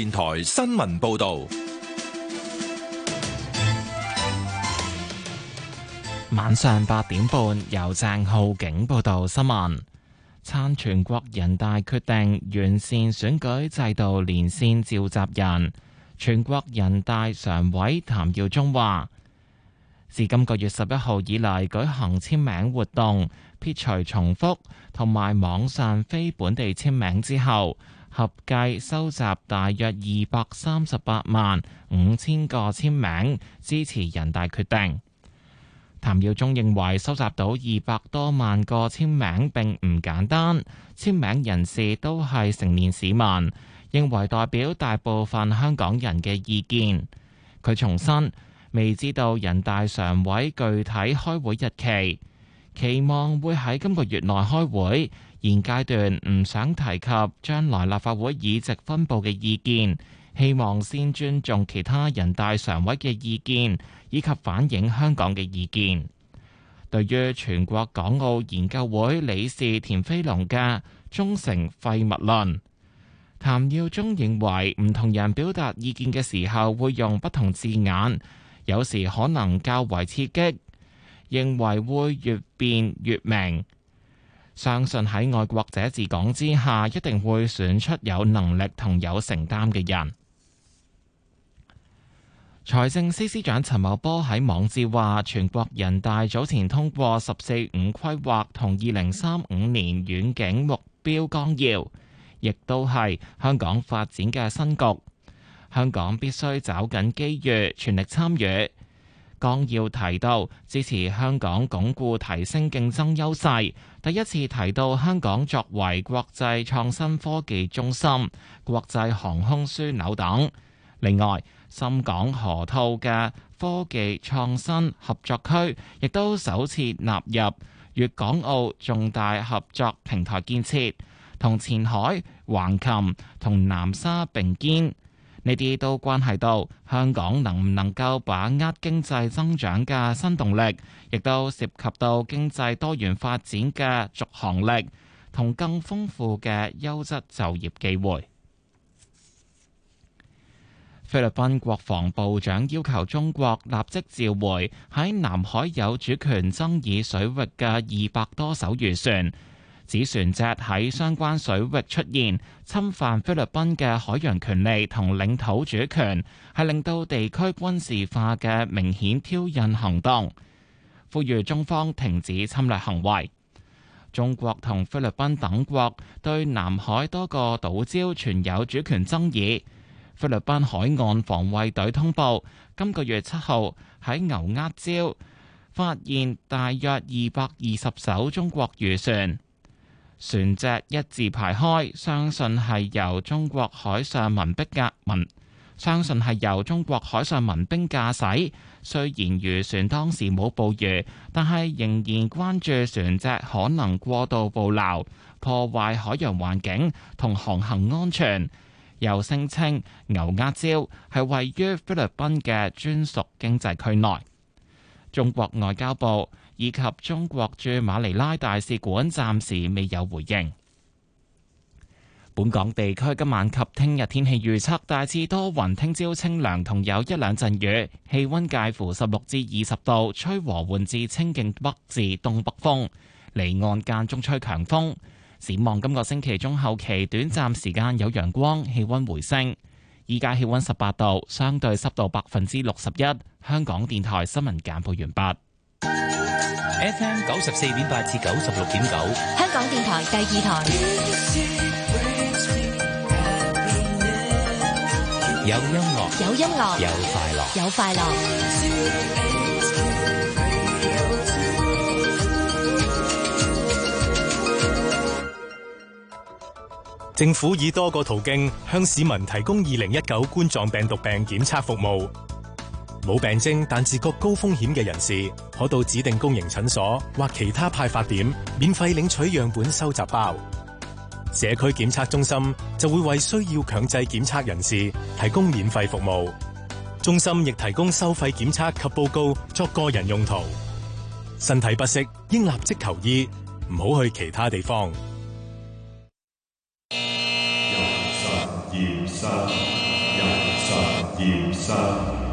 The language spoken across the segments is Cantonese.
電台新聞報道，晚上八點半由鄭浩景報道新聞。參全國人大決定完善選舉制度連線召集人，全國人大常委譚耀宗話，自今個月十一號以嚟舉行簽名活動，撇除重複同埋網上非本地簽名之後，合計收集大約二百三十八萬五千個簽名支持人大決定。譚耀宗認為，收集到二百多萬個簽名並唔簡單，簽名人士都係成年市民，認為代表大部分香港人嘅意見。佢重申，未知道人大常委具體開會日期，期望會喺今個月內開會。現階段唔想提及將來立法會議席分布嘅意見，希望先尊重其他人大常委嘅意見以及反映香港嘅意見。對於全國港澳研究會理事田飛龍嘅“忠誠廢物論”，譚耀宗認為唔同人表達意見嘅時候會用不同字眼，有時可能較為刺激，認為會越辯越明。相信喺愛國者治港之下，一定會選出有能力同有承擔嘅人。財政司司長陳茂波喺網誌話：全國人大早前通過《十四五規劃》同《二零三五年遠景目標》綱要，亦都係香港發展嘅新局。香港必須找緊機遇，全力參與。綱要提到支持香港鞏固提升競爭優勢。第一次提到香港作為國際創新科技中心、國際航空樞紐等，另外深港河套嘅科技創新合作區亦都首次納入粵港澳重大合作平台建設，同前海、橫琴、同南沙並肩。呢啲都關係到香港能唔能夠把握經濟增長嘅新動力，亦都涉及到經濟多元發展嘅續航力同更豐富嘅優質就業機會。菲律賓國防部長要求中國立即召回喺南海有主權爭議水域嘅二百多艘漁船。指船隻喺相關水域出現，侵犯菲律賓嘅海洋權利同領土主權，係令到地區軍事化嘅明顯挑釁行動。呼籲中方停止侵略行為。中國同菲律賓等國對南海多個島礁存有主權爭議。菲律賓海岸防衛隊通報，今個月七號喺牛軛礁發現大約二百二十艘中國漁船。船隻一字排開，相信係由中國海上民兵駕，相信係由中國海上民兵駕駛。雖然漁船當時冇捕魚，但係仍然關注船隻可能過度捕撈，破壞海洋環境同航行安全。又聲稱牛軛礁係位於菲律賓嘅專屬經濟區內。中國外交部，以及中國駐馬尼拉大使館暫時未有回應。本港地區今晚及聽日天氣預測，大致多雲，聽朝清涼同有一兩陣雨，氣温介乎十六至二十度，吹和緩至清勁北至東北風，離岸間中吹強風。展望今個星期中後期，短暫時間有陽光，氣温回升。依家氣温十八度，相對濕度百分之六十一。香港電台新聞簡報完畢。FM 九十四點八至九十六點九，香港電台第二台。有音樂，有音樂，有快樂，有快樂。 政府以多個途徑向市民提供二零一九冠狀病毒病檢測服務。冇病徵但自覺高風險嘅人士，可到指定公營診所或其他派發點免費領取樣本收集包。社區檢測中心就會為需要強制檢測人士提供免費服務。中心亦提供收費檢測及報告作個人用途。身體不適，應立即求醫，唔好去其他地方。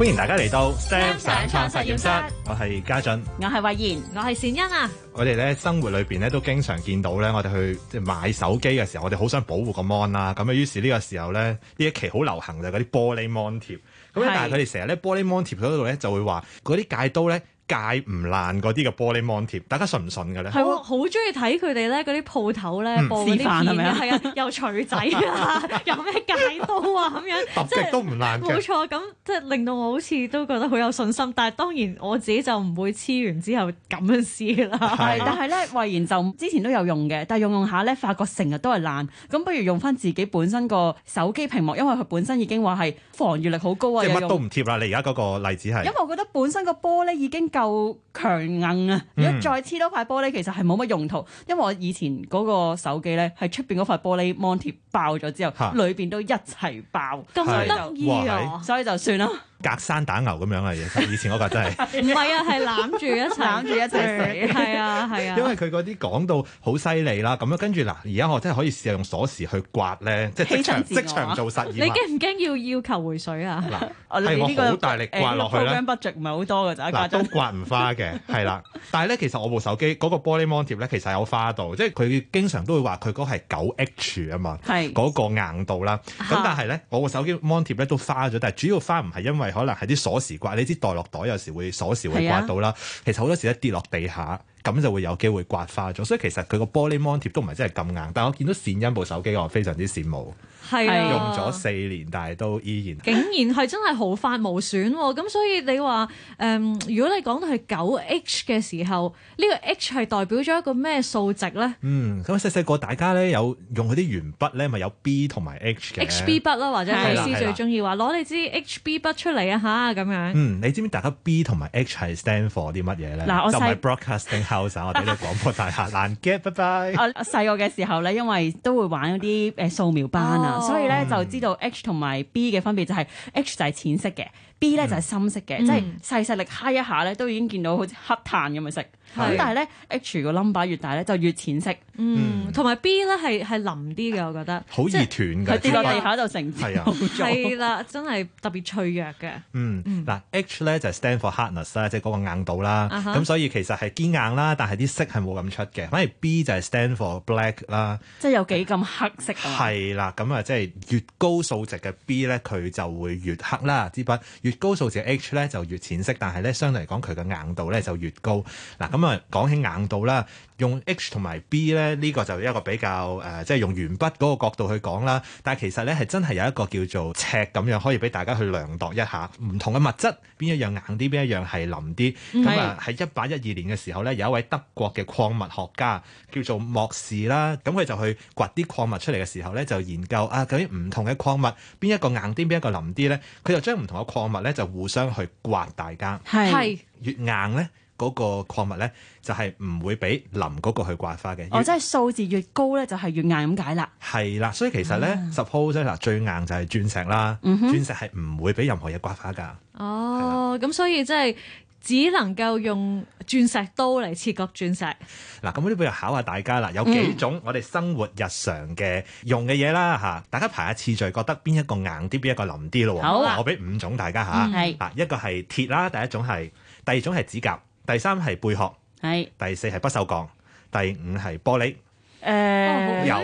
歡迎大家嚟到 Sam 上策實驗室，我係嘉俊，我係慧賢，我係善欣啊。 我哋咧生活裏邊咧都經常見到咧，我哋去買手機嘅時候，我哋好想保護個 Mon 啦。咁啊，於是呢個時候咧，呢一期好流行就係嗰啲玻璃 Mon 貼。咁但係佢哋成日咧玻璃 Mon 貼嗰度咧就會話嗰啲戒刀咧，戒唔爛嗰啲嘅玻璃 Mon 貼，大家信唔信嘅咧？係好中意睇佢哋咧嗰啲鋪頭咧播嗰啲係咪啊？係 啊，又錘仔啊，有咩戒刀啊，咁樣，即係都唔爛冇 錯，咁即係令到我好似都覺得好有信心，但係當然我自己就唔會黐完之後咁樣試啦。是 但係咧，蔚然就之前都有用嘅，但係用用下咧，發覺成日都係爛，咁不如用翻自己本身個手機屏幕，因為佢本身已經話係防禦力好高啊，即乜都唔貼啦。你而家嗰個例子係 因為我覺得本身個玻璃已經夠強硬啊！如果再黐多塊玻璃，其實係冇乜用途。因為我以前嗰個手機咧，係出邊嗰塊玻璃 Mon 貼爆咗之後，哈裏邊都一齊爆，咁得意啊！所以,嘩所以就算啦。隔山打牛咁樣啊！以前我覺得係，唔係啊，係攬住一齊攬住一齊死，係啊係啊。因為佢嗰啲講到好犀利啦，咁樣跟住嗱，而家我真係可以試下用鎖匙去刮咧，即係即，即，即，即，即場做實驗。你驚唔驚要要求回水啊？嗱，呢用好大力刮落去咧，呃、不絕唔係好多嘅咋，都刮唔花嘅，係啦。但係咧，其實我部手機嗰，嗰個玻璃 m o Mon 貼咧，其實有花到，即係佢經常都會話佢嗰係九 H 啊嘛，嗰個硬度啦。咁但係咧，我個手機 Mon 貼咧都花咗，但係主要花唔係因為。可能係啲鎖匙刮，你知袋落袋有時會鎖匙會刮到啦。啊、其實好多時一跌落地下，咁就會有機會刮花咗。所以其實佢個玻璃 Mon 貼都唔係真係咁硬，但係我見到善欣部手機，我非常之羨慕。係用咗四年，但係都依然 竟然係真係毫髮無損喎、啊！咁所以你話誒、嗯，如果你講到係九 H 嘅時候，呢、這個 H 係代表咗一個咩數值咧？嗯，咁細細個大家咧有用佢啲鉛筆咧，咪有 B 同埋 H 嘅 H B 筆啦、啊，或者老師最中意話攞你支 H B 筆出嚟啊嚇咁樣。嗯，你知唔知大家 B 同埋 H 係 stand for 啲乜嘢咧？嗱，我細 Broadcasting House 我哋啲廣播大廈。 難 get，拜拜。啊，細個嘅時候咧，因為都會玩嗰啲誒素描班啊。 哦哦。所以咧就知道 H 同埋 B 嘅分別就係、是、H 就係淺色嘅。B 咧就係深色嘅，即係細細力揩一下咧，都已經見到好似黑炭咁嘅色。咁但係咧，H 個 number 越大咧，就越淺色。嗯，同埋 B 咧係係腍啲嘅，我覺得。好易斷㗎，跌落地下就成支。係啊，係啦，真係特別脆弱嘅。嗯，嗱，H 咧就係 stand for hardness 啦，即係嗰個硬度啦。咁所以其實係堅硬啦，但係啲色係冇咁出嘅。反而 B 就係 stand for black 啦。即係有幾咁黑色係啦。咁啊，即係越高數值嘅 B 咧，佢就會越黑啦，支筆。越高數字 H 咧就越淺色，但係咧，相對嚟講佢嘅硬度咧就越高。嗱，咁啊講起硬度啦，用 H 同埋 B 咧呢個就一個比較誒，即係用鉛筆嗰個角度去講啦。但係其實咧係真係有一個叫做尺咁樣可以俾大家去量度一下唔同嘅物質邊一樣硬啲，邊一樣係腍啲。咁啊喺一八一二年嘅時候咧，有一位德國嘅礦物學家叫做莫士啦。咁佢就去掘啲礦物出嚟嘅時候咧，就研究啊究竟唔同嘅礦物邊一個硬啲，邊一個腍啲咧。佢就將唔同嘅礦物咧就互相去刮大家，係是越硬咧，嗰、那個礦物咧就係唔會俾林嗰個去刮花嘅。哦，越即係數字越高咧，就係越硬咁解啦。係啦，所以其實咧、啊、，suppose 嗱最硬就係鑽石啦，鑽、嗯、哼石係唔會俾任何嘢刮花噶。哦，咁的所以即係。只能夠用鑽石刀嚟切割鑽石。嗱、啊，咁呢邊又考下大家啦，有幾種我哋生活日常嘅用嘅嘢啦嚇，嗯、大家排下次序，覺得邊一個硬啲，邊一個腍啲咯？好、啊，我俾五種大家嚇，啊，嗯、一個係鐵啦，第一種係，第二種係指甲，第三係貝殼，係是，第四係不鏽鋼，第五係玻璃。誒、欸，由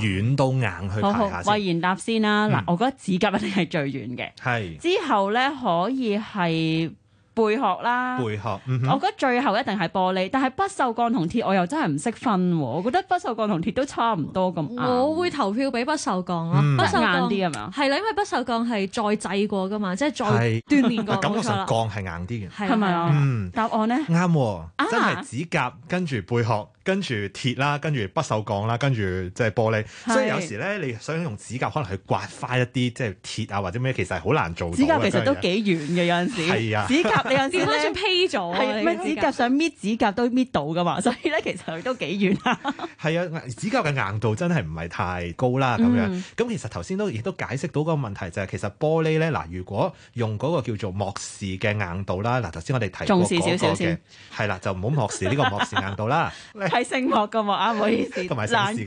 軟到硬去排下，好好，我先啦、嗯。我覺得指甲一定係最軟嘅，係是。之後咧可以係。貝殼啦，貝殼，嗯、我覺得最後一定係玻璃，但係不鏽鋼同鐵我又真係唔識分、啊，我覺得不鏽鋼同鐵都差唔多咁。我會投票俾不鏽鋼咯，不鏽鋼硬啲係咪啊？係啦、嗯，因為不鏽鋼係再製過噶嘛，即、就、係、是、再鍛煉過，是 感覺上鋼係硬啲嘅，係咪啊？嗯，答案咧啱、哦，真係指甲跟住貝殼。跟住鐵啦，跟住不鏽鋼啦，跟住即係玻璃，是所以有時咧，你想用指甲可能去刮花一啲即係鐵啊或者咩，其實係好難做到。指甲其實都幾軟嘅，有陣時。係啊，指甲有陣時都算披咗。係咪指甲想搣指甲都搣到噶嘛？所以咧，其實佢都幾軟啦。係啊，指甲嘅硬度真係唔係太高啦咁樣。咁、嗯、其實頭先都亦都解釋到個問題就係、是、其實玻璃咧嗱，如果用嗰個叫做莫氏嘅硬度啦，嗱，頭先我哋提過少少嘅係啦，就唔好莫氏呢個莫氏硬度啦。係星磨嘅磨啊，唔 好意思，同埋嘅今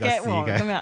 日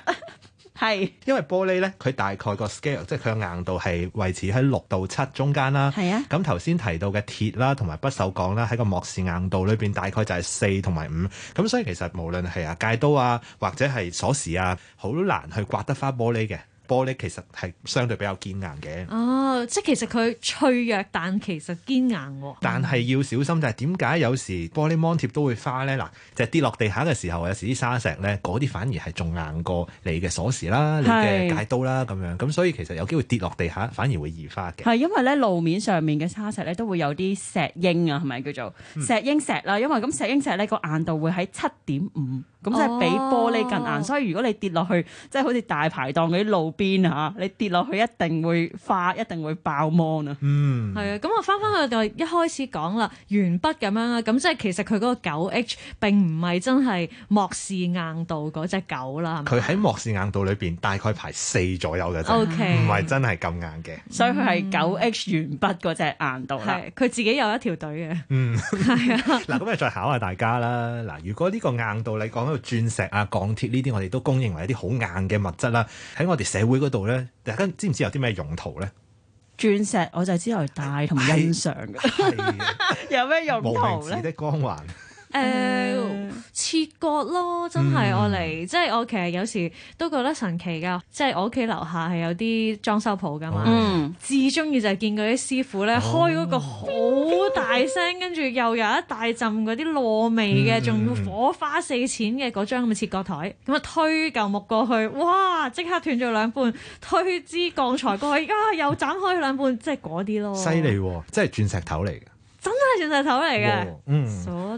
係， 因為玻璃咧，佢大概個 scale，即係佢嘅硬度係維持喺六到七中間啦。係啊，咁頭先提到嘅鐵啦，同埋不鏽鋼啦，喺個莫氏硬度裏邊大概就係四同埋五。咁所以其實無論係啊戒刀啊，或者係鎖匙啊，好難去刮得花玻璃嘅。玻璃其實係相對比較堅硬嘅，哦，即係其實佢脆弱，但其實堅硬喎。但係要小心就係點解有時玻璃 Mon 貼都會花咧？嗱，即係跌落地下嘅時候，有時啲沙石咧，嗰啲反而係仲硬過你嘅鎖匙啦、你嘅鎅刀啦咁樣。咁是所以其實有機會跌落地下反而會易花嘅。係因為咧路面上面嘅沙石咧都會有啲石英啊，係咪叫做石英石啦？嗯、因為咁石英石咧個硬度會喺七點五，咁即係比玻璃更硬。哦、所以如果你跌落去，即係好似大排檔嗰啲路。邊嚇？你跌落去一定會花，一定會爆芒啊！嗯，係啊。咁我翻翻去就係一開始講啦，鉛筆咁樣啦。咁即係其實佢嗰個九 H 並唔係真係莫氏硬度嗰隻九啦。佢喺莫氏硬度裏邊大概排四左右嘅啫，唔係真係咁硬嘅。所以佢係九 H 鉛筆嗰隻硬度啦。佢自己有一條隊嘅。嗯，係啊。嗱，咁我再考下大家啦。嗱，如果呢個硬度你講到鑽石啊、鋼鐵呢啲，我哋都公認為一啲好硬嘅物質啦。喺我哋社會，會嗰度咧，大家知唔知有啲咩用途咧？鑽石我就係知嚟戴同欣賞噶， 有咩用途咧？無名指的光環。誒，嗯、切割咯，真係我嚟，嗯、即係我其實有時都覺得神奇噶。即係我屋企樓下係有啲裝修鋪噶嘛，至中意就係見嗰啲師傅咧，哦、開嗰個好大聲，噢跟住又有一大陣嗰啲燶味嘅，仲要、嗯、火花四濺嘅嗰張咁嘅切割台，咁啊推嚿木過去，哇！即刻斷咗兩半，推支鋼材過去啊，又斬開兩半，即係嗰啲咯，犀利、啊，即係鑽石頭嚟嘅。真係鑽石頭嚟嘅，嗯。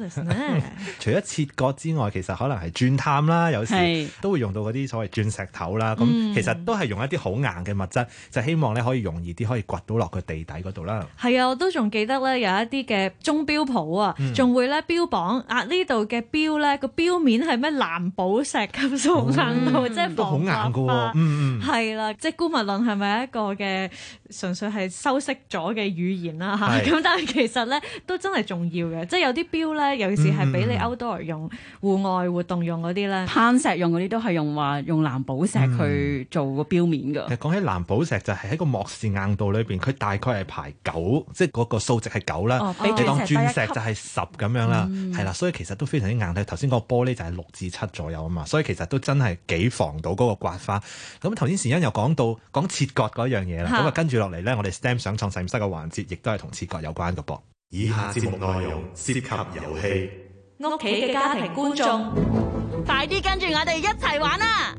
除咗切割之外，其實可能係鑽探啦，有時都會用到嗰啲所謂鑽石頭啦。咁、嗯、其實都係用一啲好硬嘅物質，就希望咧可以容易啲可以掘到落個地底嗰度啦。係、嗯、啊，我都仲記得咧，有一啲嘅鐘錶鋪啊，仲、嗯、會咧標榜啊標呢度嘅錶咧個錶面係咩藍寶石，咁重硬度、嗯啊，即係防刮花。嗯係啦，即係姑勿論係咪一個嘅？純粹係修飾咗嘅語言啦嚇，咁是但係其實咧都真係重要嘅，即係有啲錶咧，尤其是係俾你 outdoor 用、嗯、戶外活動用嗰啲咧，攀石用嗰啲都係用話用藍寶石去做個錶面㗎、嗯。講起藍寶石就係喺個莫氏硬度裏邊，佢大概係排九、嗯，即係嗰個數值係九啦。你當鑽石、嗯、就係十咁樣啦，係啦、嗯，所以其實都非常之硬。睇頭先嗰個玻璃就係六至七左右啊嘛，所以其實都真係幾防到嗰個刮花。咁頭先時欣又講到講切割嗰樣嘢啦，咁啊的跟住。落嚟咧，我哋 STEM 想創實驗室嘅環節，亦都係同切割有關嘅噃。以下節目內容涉及遊戲，屋企嘅家庭觀眾， 快啲跟住我哋一齊玩啦、啊！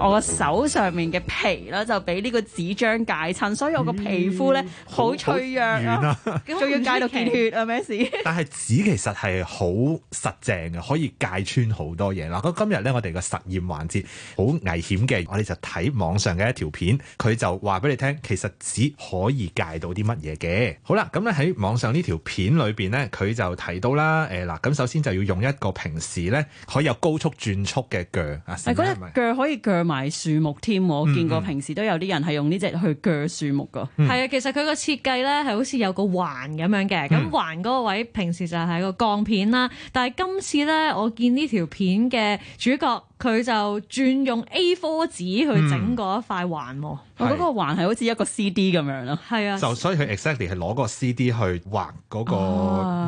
我個手上面嘅皮咧，就俾呢個紙張戒襯，所以我個皮膚咧好脆弱仲，嗯啊、要戒到見血、血啊咩事？ 但係紙其實係好實淨嘅，可以戒穿好多嘢。嗱，咁今日咧，我哋個實驗環節好危險嘅，我哋就睇網上嘅一條片，佢就話俾你聽，其實紙可以戒到啲乜嘢嘅。好啦，咁咧喺網上呢條片裏邊咧，佢就提到啦，誒、欸、嗱，咁首先就要用一個平時咧可以有高速轉速嘅鋸啊，係嗰隻鋸可以鋸。埋樹木添，我見過平時都有啲人係用呢隻去鋸樹木噶。係啊， 其實佢個設計咧係好似有個環咁樣嘅，咁環嗰個位平時就係個鋼片啦。但係今次咧，我見呢條片嘅主角。佢就轉用 A4 紙去整嗰一塊環，我嗰、嗯、個環係好似一個 CD 咁樣咯。係啊，就、啊、所以佢 exactly 係攞嗰個 CD 去畫嗰個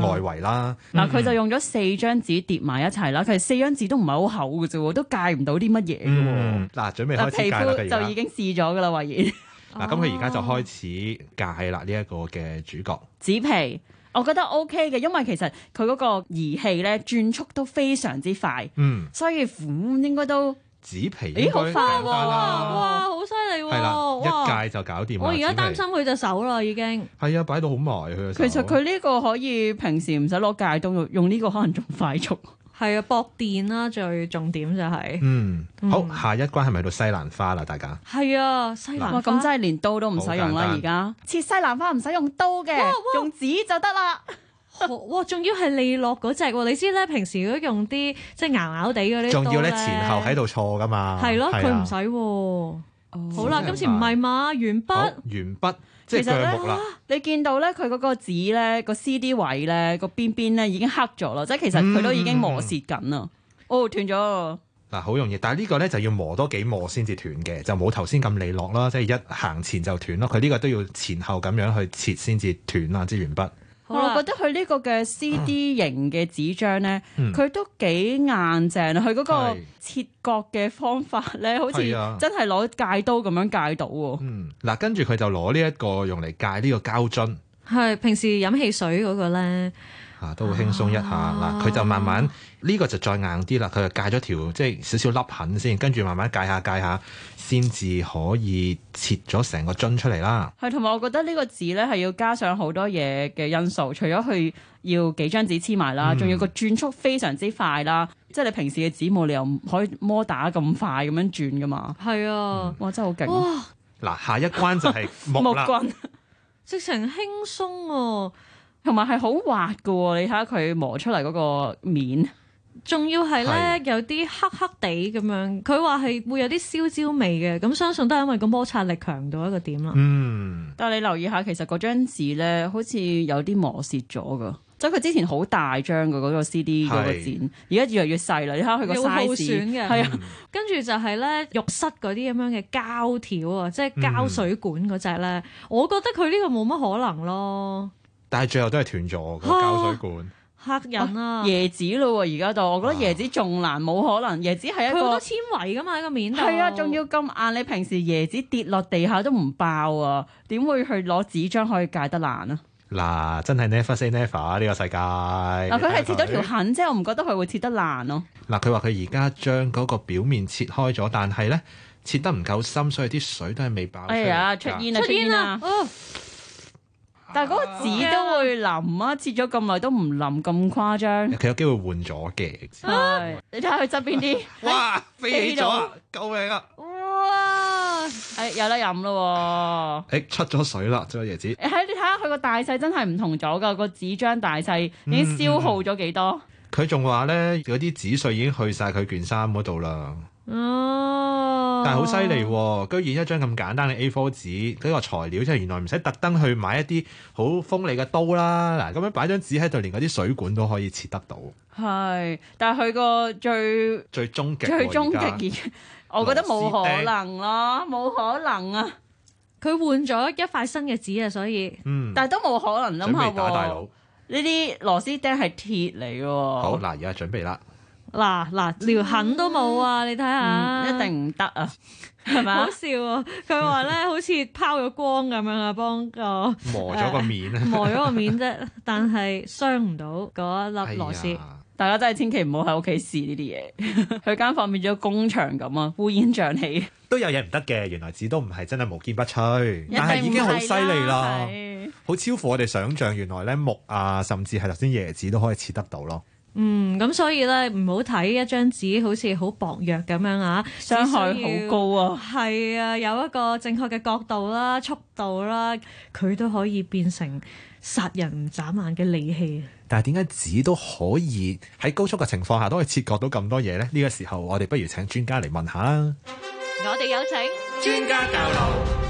外圍啦。嗱，佢就用咗四張紙疊埋一齊啦。佢四張紙都唔係好厚嘅啫，都界唔到啲乜嘢嘅。嗱、嗯啊，準備開始界啦，就，就已經試咗嘅啦，慧怡在。嗱，咁佢而家就開始界啦，呢、這、一個嘅主角紙皮。我覺得 OK 嘅，因為其實佢嗰個儀器咧轉速都非常之快，嗯、所以斧、嗯、應該都紙皮、啊。咦！好快喎，哇！好犀利喎，係啦哇一界就搞掂。我而家擔心佢隻手啦，已經係啊，擺到好埋佢嘅手。其實佢呢個可以平時唔使攞界刀用，用呢個可能仲快速。 係啊，薄電啦，最重點就係。嗯，好，下一關係咪到西蘭花啦？大家係啊，西蘭花咁真係連刀都唔使用啦，而家切西蘭花唔使用刀嘅，用紙就得啦。哇，仲要係利落嗰隻，你知咧，平時如果用啲即係硬硬地嘅呢，仲要咧前後喺度錯噶嘛。係咯，佢唔使哦。好啦，今次唔係嘛？鉛筆，鉛筆。其實咧、啊，你見到咧佢嗰個紙咧個 C D 位咧個邊邊咧已經黑咗咯，即係其實佢都已經磨蝕緊啦，嗯、哦斷咗。嗱，好、啊、容易，但係呢個咧就要磨多幾磨先至斷嘅，就冇頭先咁利落啦，即、就、係、是、一行前就斷咯。佢呢個都要前後咁樣去切先至斷啊，支鉛筆。我覺得佢呢個嘅 CD 型嘅紙張咧，佢、嗯、都幾硬淨，佢嗰、嗯、個切割嘅方法咧，是好似真係攞戒刀咁樣戒到喎。嗯，嗱，跟住佢就攞呢一個用嚟戒呢個膠樽，係平時飲汽水嗰個咧。啊、都會輕鬆一下嗱，佢就慢慢呢、啊、個就再硬啲啦，佢就戒咗條即係少少凹痕先，跟住慢慢戒下戒下，先至可以切咗成個樽出嚟啦。係、啊，同埋我覺得個紙呢個紙咧係要加上好多嘢嘅因素，除咗佢要幾張紙黐埋啦，仲要個轉速非常之快啦，嗯嗯、即係你平時嘅紙冇你又可以摩打咁快咁樣轉㗎嘛。係啊、嗯，哇，真係好勁！嗱，下一關就係木啦， 木棍 直情輕鬆喎。 同埋係好滑噶，你睇下佢磨出嚟嗰個面，仲要係咧有啲黑黑地咁樣。佢話係會有啲燒焦味嘅，咁相信都係因為個摩擦力強到一個點啦。嗯，但係你留意下，其實嗰張紙咧，好似有啲磨蝕咗噶，即係佢之前好大張嘅嗰個 CD 嗰個剪，而家的越嚟越細啦。你睇下佢個 size 係啊。的嗯、跟住就係咧浴室嗰啲咁樣嘅膠條啊，即係膠水管嗰隻咧，嗯、我覺得佢呢個冇乜可能咯。但係最後都係斷咗個膠水管。黑人啊，椰子咯，而家就我覺得椰子仲難，冇可能。椰子係一個好多纖維㗎嘛，喺個面度。係啊，仲要咁硬。你平時椰子跌落地下都唔爆啊，點會去攞紙張可以解得爛啊？嗱，真係 never say never 呢個世界。佢係切咗條痕啫，我唔覺得佢會切得爛咯。嗱，佢話佢而家將嗰個表面切開咗，但係咧，切得唔夠深，所以啲水都係未爆。係啊，出現啊，出現啊！但係嗰個紙都會腍啊！切咗咁耐都唔腍咁誇張，佢有機會換咗嘅。啊、 你睇下佢側邊啲， 哇飛起咗！ 救命啊！哇，誒、哎、有得飲啦！誒、哎、出咗水啦，仲有椰子。誒，你睇下佢個大細真係唔同咗噶，個紙張大細已經消耗咗幾多。佢仲話咧，嗰、嗯、啲紙碎已經去晒佢件衫嗰度啦。哦，但係好犀利，居然一張咁簡單嘅 A4 紙，嗰個材料即係原來唔使特登去買一啲好鋒利嘅刀啦。嗱，咁樣擺張紙喺度，連嗰啲水管都可以切得到。係，但係佢個最最終極最終極嘅，我覺得冇可能咯，冇可能啊！佢換咗一塊新嘅紙啊，所以、嗯、但係都冇可能啦。準備打大佬呢啲螺絲釘係鐵嚟嘅，好嗱，而家準備啦。嗱嗱，撩痕都冇啊！你睇下，一定唔得啊，係咪好笑啊？佢話咧，好似拋咗光咁樣啊，幫個磨咗個面啊，磨咗個面啫，但係傷唔到嗰一粒螺絲。大家真係千祈唔好喺屋企試呢啲嘢，佢間房變咗工場咁啊，烏煙瘴氣。都有嘢唔得嘅，原來紙都唔係真係無堅不摧，但係已經好犀利啦，好超乎我哋想象。原來咧木啊，甚至係頭先椰子都可以切得到咯。嗯，咁所以咧，唔好睇一張紙好似好薄弱咁樣啊，傷害好高啊，係啊，有一個正確嘅角度啦、速度啦，佢都可以變成殺人唔眨眼嘅利器。但係點解紙都可以喺高速嘅情況下都可以切割到咁多嘢呢？呢、呢個時候我哋不如請專家嚟問下啊！我哋有請專家教導。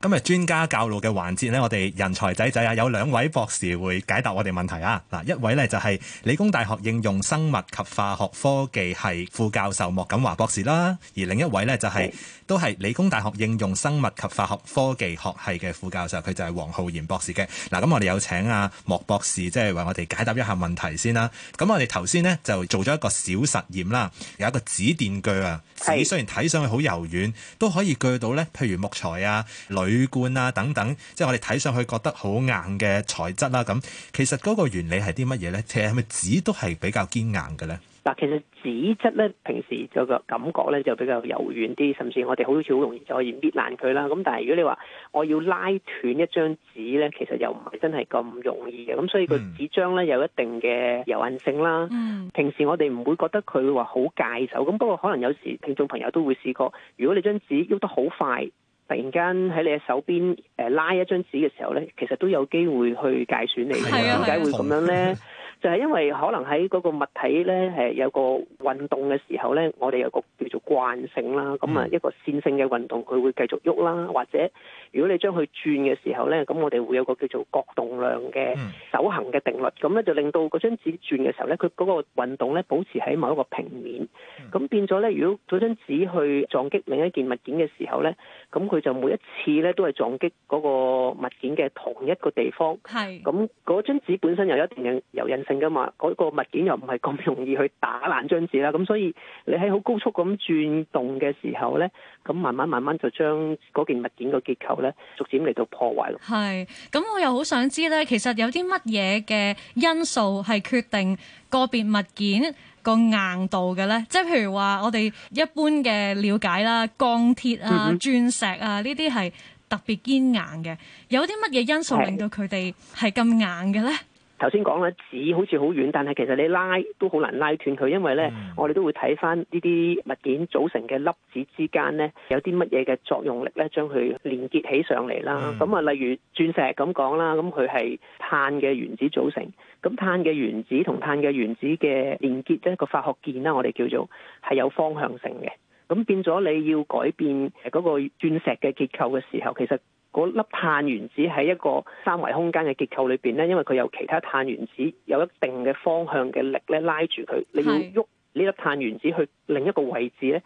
今日專家教路嘅環節呢，我哋人才仔仔啊，有兩位博士會解答我哋問題啊！嗱，一位呢就係理工大學應用生物及化學科技系副教授莫錦華博士啦，而另一位呢，就係都係理工大學應用生物及化學科技學系嘅副教授，佢就係黃浩然博士嘅。嗱，咁我哋有請阿莫博士，即係為我哋解答一下問題先啦。咁我哋頭先呢，就做咗一個小實驗啦，有一個紙電鋸啊，紙雖然睇上去好柔軟，都可以鋸到呢，譬如木材啊、水罐啊，等等，即係我哋睇上去覺得好硬嘅材質啦。咁其實嗰個原理係啲乜嘢咧？即係係咪紙都係比較堅硬嘅咧？嗱，其實紙質咧，平時嗰個感覺咧就比較柔軟啲，甚至我哋好似好容易就可以搣爛佢啦。咁但係如果你話我要拉斷一張紙咧，其實又唔係真係咁容易嘅。咁所以個紙張咧有一定嘅柔韌性啦。嗯、平時我哋唔會覺得佢話好介手。咁不過可能有時聽眾朋友都會試過，如果你張紙喐得好快。突然間喺你嘅手邊，誒、呃、拉一張紙嘅時候咧，其實都有機會去界損你。點解、啊、會咁樣咧？ 就係因為可能喺嗰個物體咧，係有個運動嘅時候咧，我哋有個叫做慣性啦，咁啊一個線性嘅運動佢會繼續喐啦，或者如果你將佢轉嘅時候咧，咁我哋會有個叫做角動量嘅守恆嘅定律，咁咧就令到嗰張紙轉嘅時候咧，佢嗰個運動咧保持喺某一個平面，咁變咗咧，如果嗰張紙去撞擊另一件物件嘅時候咧，咁佢就每一次咧都係撞擊嗰個物件嘅同一個地方，係，咁嗰張紙本身有一定嘅柔韌，成嘅物嗰個物件又唔係咁容易去打爛張紙啦，咁所以你喺好高速咁轉動嘅時候咧，咁慢慢慢慢就將嗰件物件個結構咧逐漸嚟到破壞咯。係，咁我又好想知咧，其實有啲乜嘢嘅因素係決定個別物件個硬度嘅咧？即係譬如話，我哋一般嘅了解啦，鋼鐵啊、鑽石啊呢啲係特別堅硬嘅，有啲乜嘢因素令到佢哋係咁硬嘅咧？頭先講啦，紙好似好軟，但係其實你拉都好難拉斷佢，因為咧，嗯、我哋都會睇翻呢啲物件組成嘅粒子之間咧，有啲乜嘢嘅作用力咧，將佢連結起上嚟啦。咁啊、嗯，例如鑽石咁講啦，咁佢係碳嘅原子組成，咁碳嘅原子同碳嘅原子嘅連結，即係個化學鍵啦，我哋叫做係有方向性嘅。咁變咗你要改變嗰個鑽石嘅結構嘅時候，其實，嗰粒碳原子喺一個三維空間嘅結構裏邊咧，因為佢有其他碳原子有一定嘅方向嘅力咧，拉住佢，你要喐呢粒碳原子去另一個位置咧。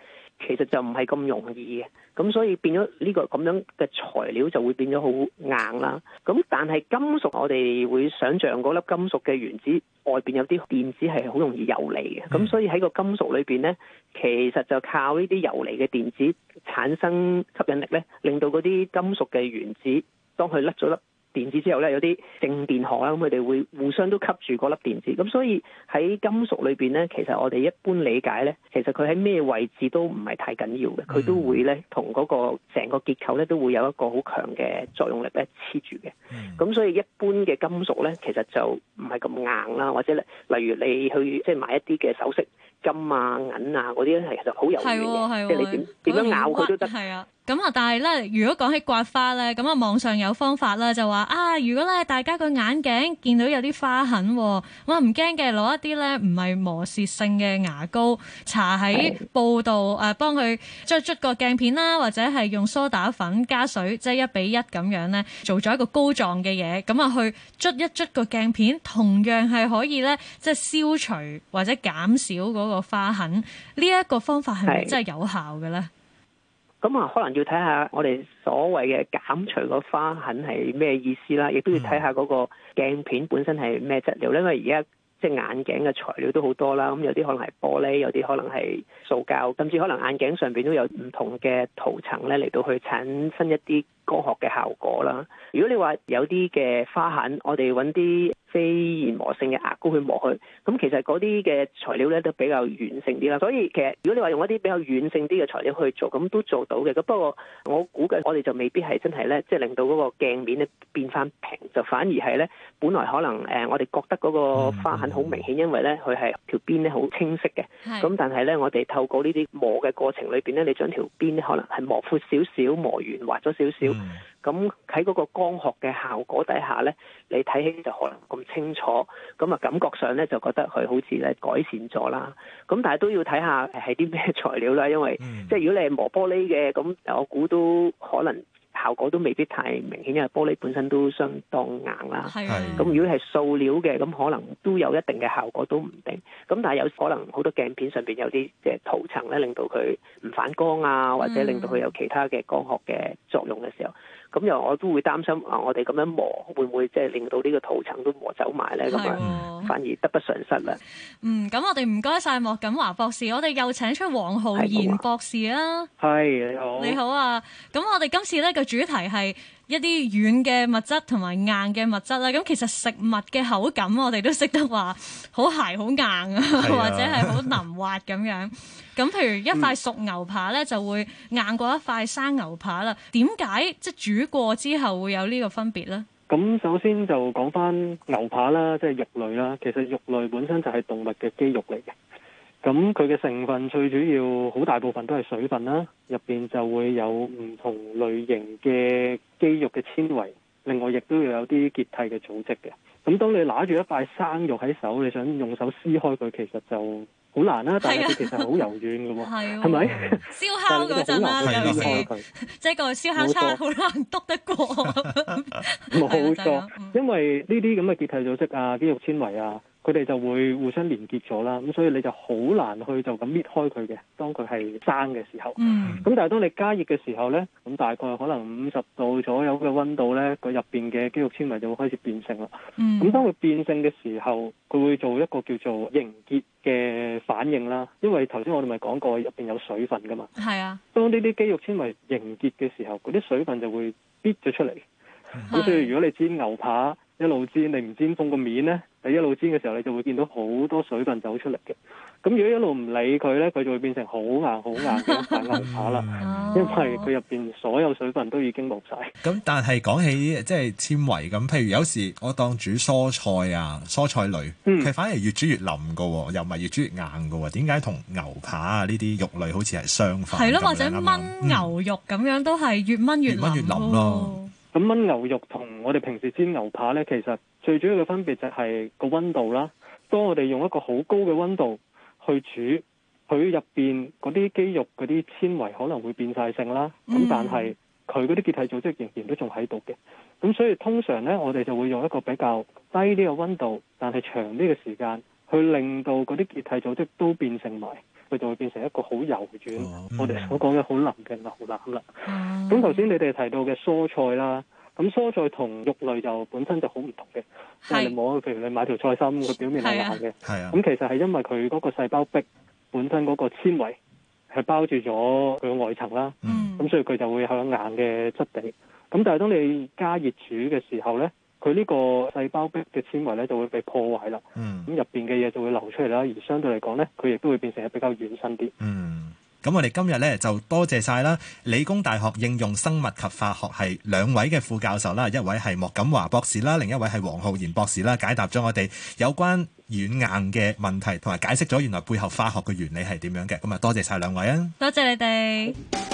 其實就唔係咁容易嘅，咁所以變咗呢個咁樣嘅材料就會變咗好硬啦。咁但係金屬我哋會想像嗰粒金屬嘅原子外邊有啲電子係好容易游離嘅，咁所以喺個金屬裏邊呢，其實就靠呢啲游離嘅電子產生吸引力呢，令到嗰啲金屬嘅原子當佢甩咗粒電子之後咧有啲正電荷啦，咁佢哋會互相都吸住嗰粒電子，咁所以喺金屬裏邊咧，其實我哋一般理解咧，其實佢喺咩位置都唔係太緊要嘅，佢都會咧同嗰個成個結構咧都會有一個好強嘅作用力咧黐住嘅。咁所以一般嘅金屬咧，其實就唔係咁硬啦，或者咧例如你去即係買一啲嘅首飾金啊銀啊嗰啲咧，其實好柔軟嘅，即係你點點樣，樣咬佢都得。咁啊！但係咧，如果講起刮花咧，咁啊網上有方法啦，就話啊，如果咧大家個眼鏡見到有啲花痕哦，咁啊唔驚嘅，攞一啲咧唔係磨蝕性嘅牙膏，搽喺布度誒，幫佢捽捽個鏡片啦，或者係用梳打粉加水，即係一比一咁樣咧，做咗一個膏狀嘅嘢，咁啊去捽一捽個鏡片，同樣係可以咧，即係消除或者減少嗰個花痕。呢一個方法係咪真係有效嘅咧？是咁啊，可能要睇下我哋所謂嘅減除個花痕係咩意思啦，亦都要睇下嗰個鏡片本身係咩質料，因為而家即係眼鏡嘅材料都好多啦，咁有啲可能係玻璃，有啲可能係塑膠，甚至可能眼鏡上邊都有唔同嘅塗層咧嚟到去產生一啲光學嘅效果啦，如果你話有啲嘅花痕，我哋揾啲非研磨性嘅牙膏去磨去，咁其實嗰啲嘅材料呢，都比較軟性啲啦。所以其實如果你話用一啲比較軟性啲嘅材料去做，咁都做到嘅。咁不過我估計，我哋就未必係真係呢，即係令到嗰個鏡面咧變翻平，就反而係呢，本來可能誒、呃，我哋覺得嗰個花痕好明顯，因為呢，佢係條邊呢好清晰嘅。咁但係呢，我哋透過呢啲磨嘅過程裏邊呢，你將條邊呢，可能係磨闊少少，磨圓滑咗少少。嗯咁喺嗰個光學嘅效果底下咧，你睇起就可能咁清楚，咁啊感覺上咧就覺得佢好似咧改善咗啦。咁但係都要睇下係啲咩材料啦，因為、mm hmm. 即係如果你係磨玻璃嘅，咁我估都可能。效果都未必太明顯，因為玻璃本身都相當硬啦。咁的如果係塑料嘅，咁可能都有一定嘅效果，都唔定。咁但係有可能好多鏡片上邊有啲即係塗層咧，令到佢唔反光啊，或者令到佢有其他嘅光學嘅作用嘅時候，咁、嗯、又我都會擔心啊，我哋咁樣磨會唔會即係令到呢個塗層都磨走埋咧？咁樣的，反而得不償失啦。咁、嗯、我哋唔該晒莫錦華博士，我哋又請出黃浩然、啊、博士啊。係、hey, 你好。你好啊，咁我哋今次呢。主題係一啲軟嘅物質同埋硬嘅物質啦，咁其實食物嘅口感，我哋都識得話好鞋好硬啊， 或者係好嫩滑咁樣。咁譬如一塊熟牛扒咧就會硬過一塊生牛扒啦。點解即煮過之後會有呢個分別呢？咁首先就講返牛扒啦，即係肉類啦。其實肉類本身就係動物嘅肌肉嚟嘅。咁佢嘅成分最主要好大部分都係水分啦，入邊就會有唔同類型嘅肌肉嘅纖維，另外亦都要有啲結締嘅組織嘅。咁當你拿住一塊生肉喺手，你想用手撕開佢，其實就好難啦。但係佢其實好柔軟嘅喎，係咪？燒烤嗰陣啊，有時即係個燒烤叉好難篤得過，冇錯。因為呢啲咁嘅結締組織啊，肌肉纖維啊。佢哋就會互相連結咗啦，咁所以你就好難去就咁搣開佢嘅。當佢係生嘅時候，咁、嗯、但係當你加熱嘅時候咧，咁大概可能五十度左右嘅溫度咧，佢入邊嘅肌肉纖維就會開始變性啦。咁、嗯、當佢變性嘅時候，佢會做一個叫做凝結嘅反應啦。因為頭先我哋咪講過入邊有水分噶嘛，係啊。當呢啲肌肉纖維凝結嘅時候，嗰啲水分就會逼咗出嚟。咁、啊、所以如果你煎牛扒一路煎，你唔煎封個面咧。你一路煎嘅時候，你就會見到好多水分走出嚟嘅。咁、嗯、如果一路唔理佢咧，佢就會變成好硬好硬嘅一塊牛扒啦。 嗯、因為佢入邊所有水分都已經冇晒。咁、嗯、但係講起即係纖維咁，譬如有時我當煮蔬菜啊，蔬菜類，佢反而越煮越腍嘅喎，又唔係越煮越硬嘅喎。點解同牛扒啊呢啲肉類好似係相反？係咯，或者燜牛肉咁樣、嗯、都係越燜越腍、嗯。越燜越腍咯。咁燜牛肉同我哋平時煎牛扒咧，其實。最主要嘅分別就係個温度啦。當我哋用一個好高嘅温度去煮，佢入邊嗰啲肌肉、嗰啲纖維可能會變晒性啦。咁、mm hmm. 但係佢嗰啲結締組織仍然都仲喺度嘅。咁所以通常呢，我哋就會用一個比較低啲嘅温度，但係長啲嘅時間，去令到嗰啲結締組織都變成埋，佢就會變成一個好柔軟。Mm hmm. 我哋所講嘅好腍嘅牛腩啦。咁頭先你哋提到嘅蔬菜啦。咁蔬菜同肉類就本身就好唔同嘅，即係你摸，譬如你買條菜心，佢表面係硬嘅，係啊。咁其實係因為佢嗰個細胞壁本身嗰個纖維係包住咗佢外層啦，咁、嗯、所以佢就會有硬嘅質地。咁但係當你加熱煮嘅時候咧，佢呢個細胞壁嘅纖維咧就會被破壞啦，咁入邊嘅嘢就會流出嚟啦，而相對嚟講咧，佢亦都會變成係比較軟身啲。嗯咁我哋今日咧就多謝晒啦！理工大學應用生物及化學系兩位嘅副教授啦，一位係莫錦華博士啦，另一位係黃浩然博士啦，解答咗我哋有關軟硬嘅問題，同埋解釋咗原來背後化學嘅原理係點樣嘅。咁啊，多謝晒兩位啊！多謝你哋。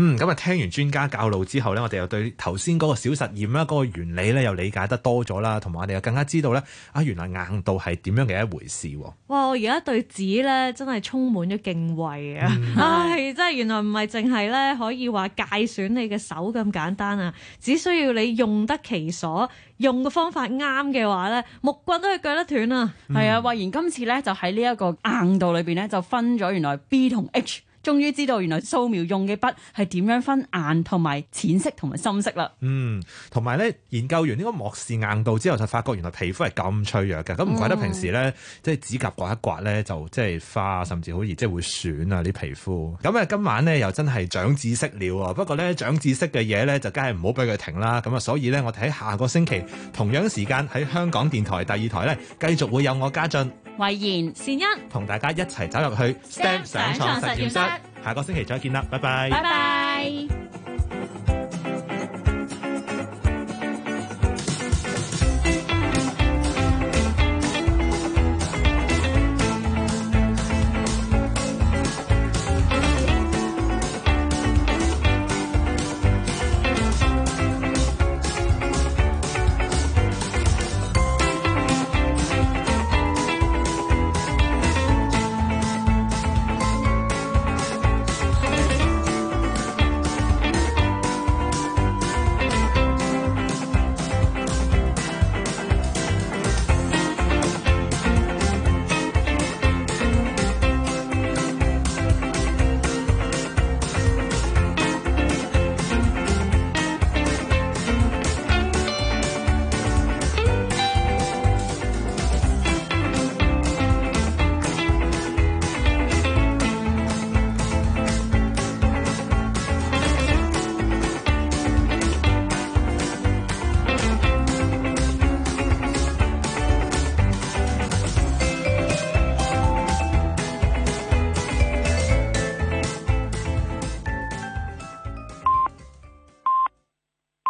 嗯，咁啊，聽完專家教路之後呢，我哋又對頭先嗰個小實驗啦、嗰個原理呢，又理解得多咗啦，同埋我哋又更加知道呢，啊，原來硬度係點樣嘅一回事喎！哇，我而家對紙呢，真係充滿咗敬畏啊！唉、嗯，哎、真係原來唔係淨係呢，可以話界選你嘅手咁簡單啊，只需要你用得其所，用嘅方法啱嘅話呢，木棍都可以鋸得斷啊！係、嗯、啊，話言今次呢，就喺呢一個硬度裏邊呢，就分咗原來 B 同 H。終於知道原來素描用嘅筆係點樣分硬同埋淺色同埋深色啦。嗯，同埋咧研究完呢個莫氏硬度之後，就發覺原來皮膚係咁脆弱嘅。咁唔怪得平時咧，嗯、即係指甲刮，刮一刮咧就即係花，甚至好易即係會損啊啲皮膚。咁啊，今晚咧又真係長知識了。不過咧長知識嘅嘢咧就梗係唔好俾佢停啦。咁啊，所以咧我哋喺下個星期同樣時間喺香港電台第二台咧繼續會有我家俊、慧賢、善恩，同大家一齊走入去 STEM 上牀實驗室，整下個星期再見啦，拜拜。拜拜。